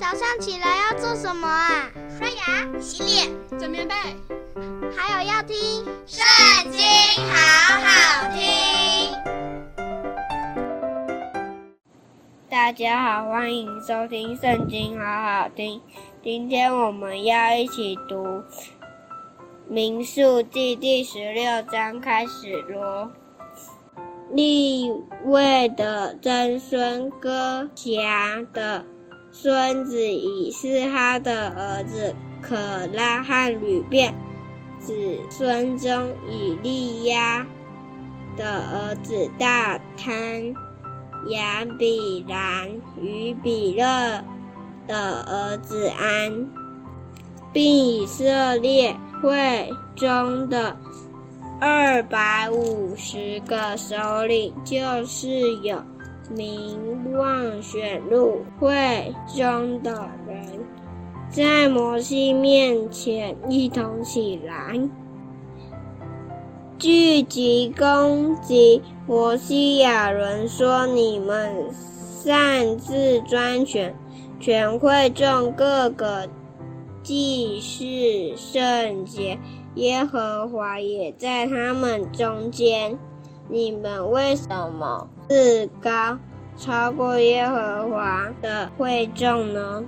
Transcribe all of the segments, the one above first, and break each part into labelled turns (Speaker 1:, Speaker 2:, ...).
Speaker 1: 早上起來要做什麼啊？刷牙、洗臉、整棉被，還有要聽《聖經》，好好聽。大家好，歡迎收聽《聖經》，好好聽。今天我們要一起讀《民數記》第十六章，開始嘍。利未的曾孫哥轄的。孫子以斯哈的兒子，可拉和流便子孫中以利押的兒子大坍，亞比蘭與比勒的兒子安，並以色列會中的二百五十個首領，就是有。名望選入會中的人，在摩西面前一同起來，聚集攻擊摩西、亞倫，說：“你們擅自專權，全會眾個個既是聖潔，耶和華也在他們中間，你們為什麼”自高，超過耶和華的會眾呢？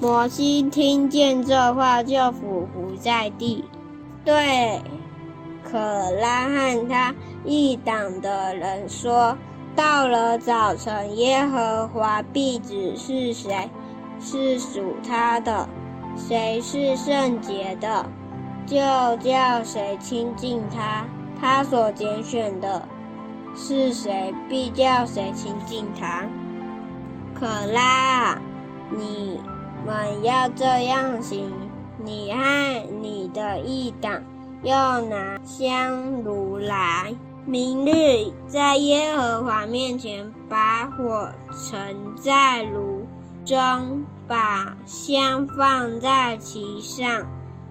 Speaker 1: 摩西聽見這話，就俯伏在地，對可拉和他一黨的人說：“到了早晨，耶和華必指示是誰，是屬他的，誰是聖潔的，就叫誰親近他，他所揀選的。”是誰必叫誰親近他。可拉，你們要這樣行。你和你的一黨要拿香爐來。明日在耶和華面前，把火盛在爐中，把香放在其上。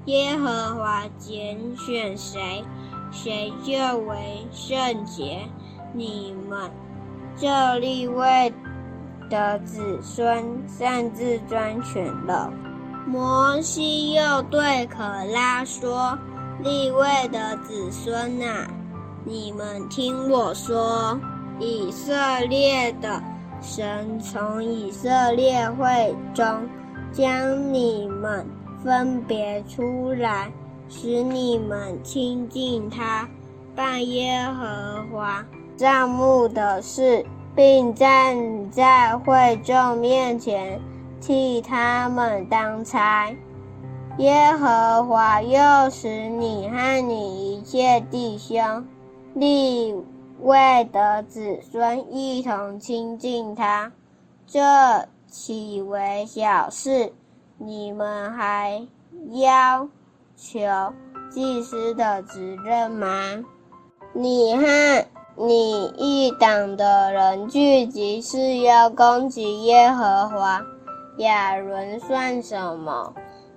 Speaker 1: 耶和華揀選誰，誰就為聖潔。你們這利未的子孫擅自專權了。摩西又對可拉說：“利未的子孫啊，你們聽我說，以色列的神從以色列會中將你們分別出來，使你們親近他，辦耶和華。”帳幕的事，並站在會眾面前替他們當差。耶和華又使你和你一切弟兄利未的子孫一同親近他，這豈為小事？你們還要求祭司的職任嗎？你和你一黨的人聚集是要攻擊耶和華，亞倫算什麼？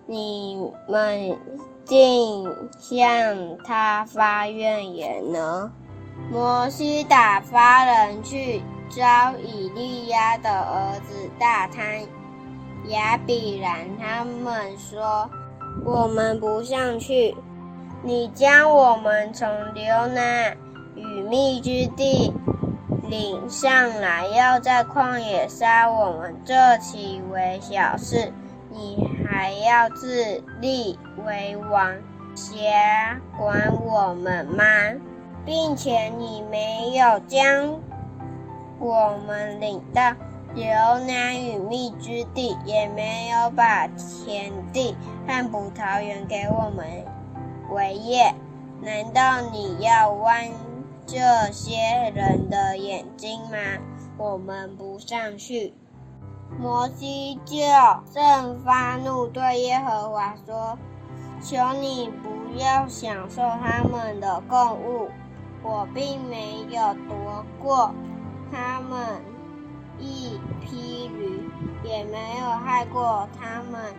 Speaker 1: 你們竟向他發怨言呢？摩西打發人去召以利押的兒子大坍，亞比蘭，他們說：“我們不上去，你將我們從流奶。蜜之地領上來，要在曠野殺我們，這豈為小事？你還要自立為王，轄管我們嗎？並且你沒有將我們領到流奶與蜜之地，也沒有把田地和葡萄園給我們為業，難道你要剜？這些人的眼睛嗎？我們不上去。摩西就甚發怒，對耶和華說：“求你不要享受他們的供物，我並沒有奪過他們一匹驢，也沒有害過他們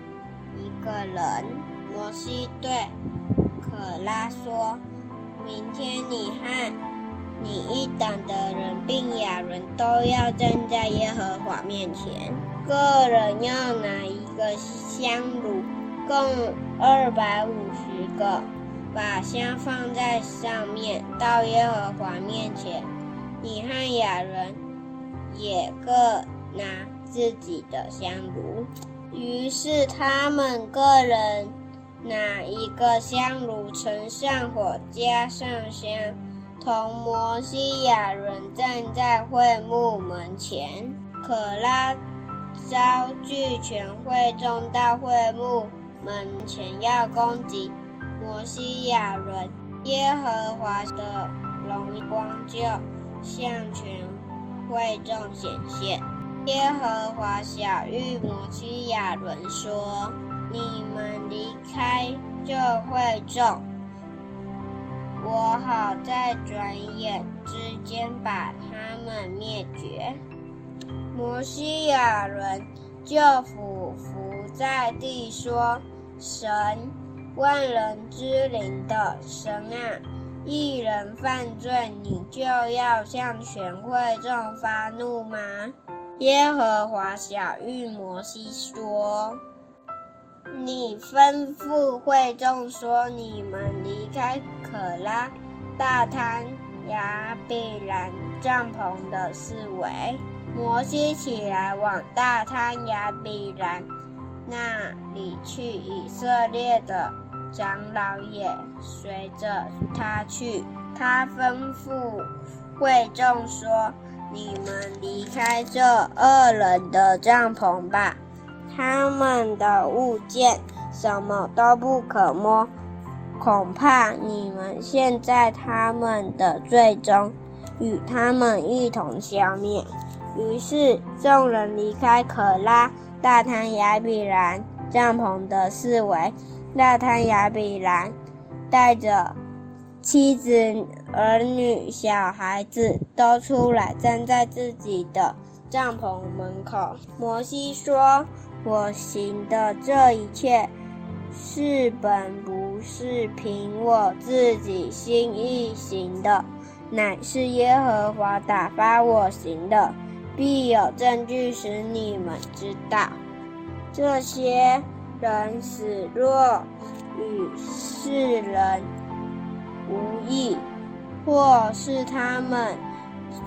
Speaker 1: 一個人。”摩西對可拉說：“明天你和。”你一黨的人，並亞倫都要站在耶和華面前。各人要拿一個香爐，共二百五十個，把香放在上面，到耶和華面前。你和亞倫也各拿自己的香爐。於是他們各人拿一個香爐，盛上火，加上香。同摩西、亞倫站在會幕門前。可拉招聚全會眾到會幕門前，要攻擊摩西、亞倫。耶和華的榮光就向全會眾顯現。耶和華曉諭摩西、亞倫說：“你們離開這會眾，”我好在轉眼之間把他們滅絕。摩西亞倫就俯伏在地說：“神，萬人之靈的神啊，一人犯罪，你就要向全會眾發怒嗎？”耶和華曉諭摩西說。你吩咐會眾說：“你們離開可拉、大坍、亞比蘭帳篷的四圍。”摩西起來，往大坍、亞比蘭那裡去，以色列的長老也隨着他去。他吩咐會眾說：“你們離開這惡人的帳篷吧。”他們的物件什麼都不可摸，恐怕你們陷在他們的罪中，與他們一同消滅。於是眾人離開可拉、大坍、亞比蘭帳棚的四圍，大坍、亞比蘭帶着妻子、兒女、小孩子都出來，站在自己的帳棚門口。摩西說。我行的這一切，是本不是憑我自己心意行的，乃是耶和華打發我行的，必有證據使你們知道。這些人死若與世人無異，或是他們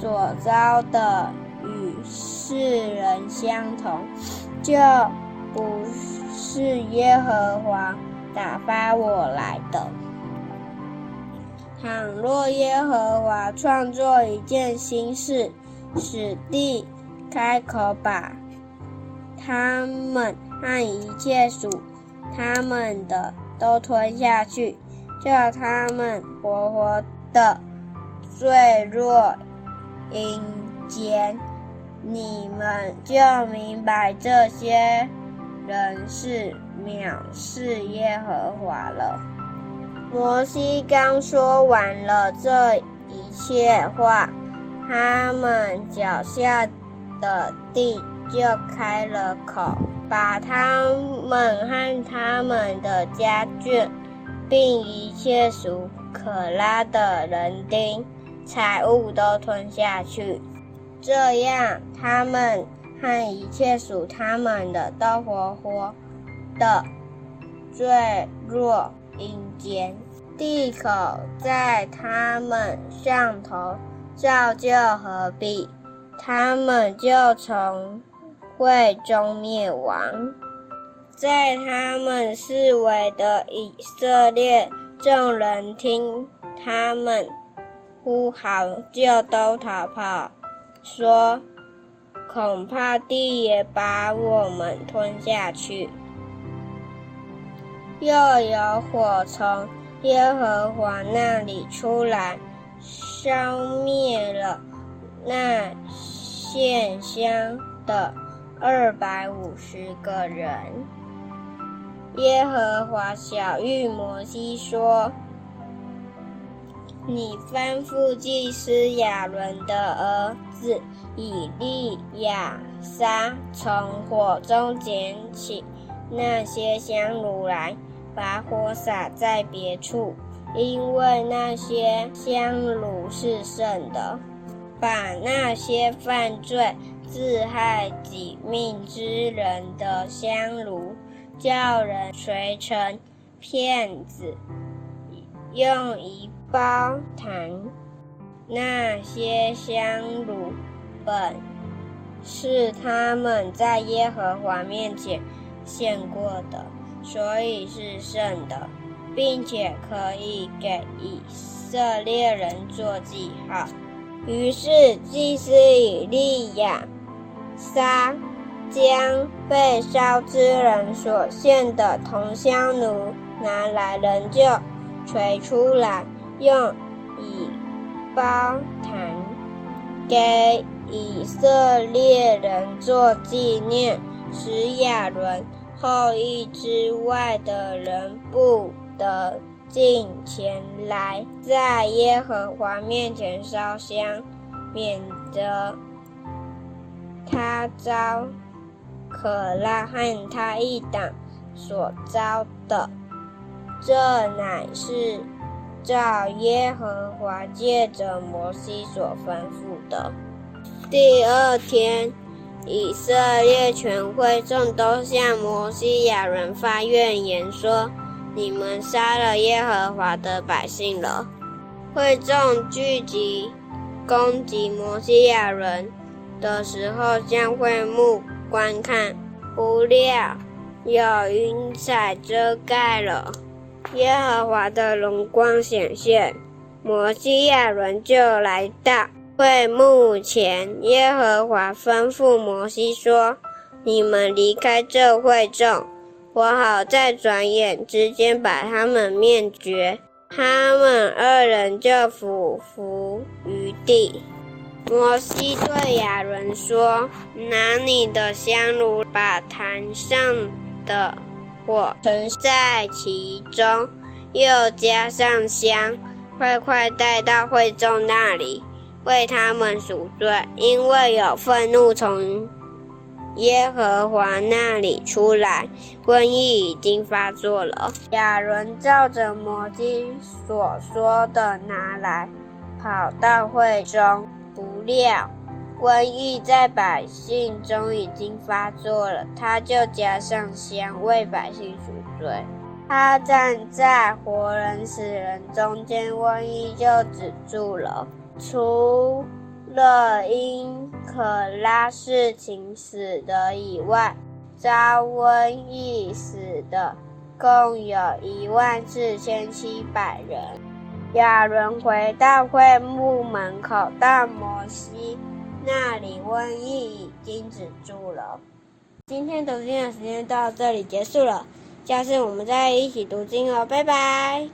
Speaker 1: 所遭的與世人相同。就不是耶和華打發我來的。倘若耶和華創作一件新事，使地開口，把他們和一切屬他們的都吞下去，叫他們活活的墜落陰間。你們就明白這些人是藐視耶和華了。摩西剛說完了這一切話，他們腳下的地就開了口，把他們和他們的家眷，並一切屬可拉的人丁、財物都吞下去。這樣。他們和一切屬他們的，都活活的墜落陰間。地口在他們上頭，照舊合閉，他們就從會中滅亡。在他們四圍的以色列眾人聽他們呼喊，就都逃跑，說。恐怕地也把我們吞下去。又有火從耶和華那裡出來，燒滅了那獻香的二百五十個人。耶和華曉諭摩西說。你吩咐祭、祭司亞倫的兒子以利亞撒從火中撿起那些香爐來，把火撒在別處，因為那些香爐是聖的。把那些犯罪自害己命之人的香爐，叫人錘成片子，用以。包壇，那些香爐本是他們在耶和華面前獻過的，所以是聖的，並且可以給以色列人做記號。於是祭司以利亞撒將被燒之人所獻的銅香爐拿來，人就錘出來。用以包壇，給以色列人做紀念，使亞倫後裔之外的人不得近前來在耶和華面前燒香，免得他遭可拉和他一黨所遭的。這乃是，照耶和華借着摩西所吩咐的。第二天，以色列全會眾都向摩西、亞倫發怨言，言，說：“你們殺了耶和華的百姓了。”會眾聚集攻擊摩西、亞倫的時候，向會幕觀看，不料，有雲彩遮蓋了。耶和華的榮光顯現，摩西亞倫就來到會幕前。耶和華吩咐摩西說：“你們離開這會眾，我好在轉眼之間把他們滅絕。”他們二人就俯伏於地。摩西對亞倫說：“拿你的香爐，把壇上的。”盛在其中，又加上香，快快帶到會眾那裡，為他們贖罪。因為有憤怒從耶和華那裡出來，瘟疫已經發作了。亞倫照着摩西所說的拿來，跑到會中，不料。瘟疫在百姓中已經發作了，他就加上香為百姓贖罪。他站在活人死人中間，瘟疫就止住了。除了因可拉事情死的以外，遭瘟疫死的共有一萬四千七百人。亞倫回到會幕門口，到摩西那裡瘟疫已經止住了。今天讀經的時間到這裡結束了，下次我們再一起讀經哦，拜拜。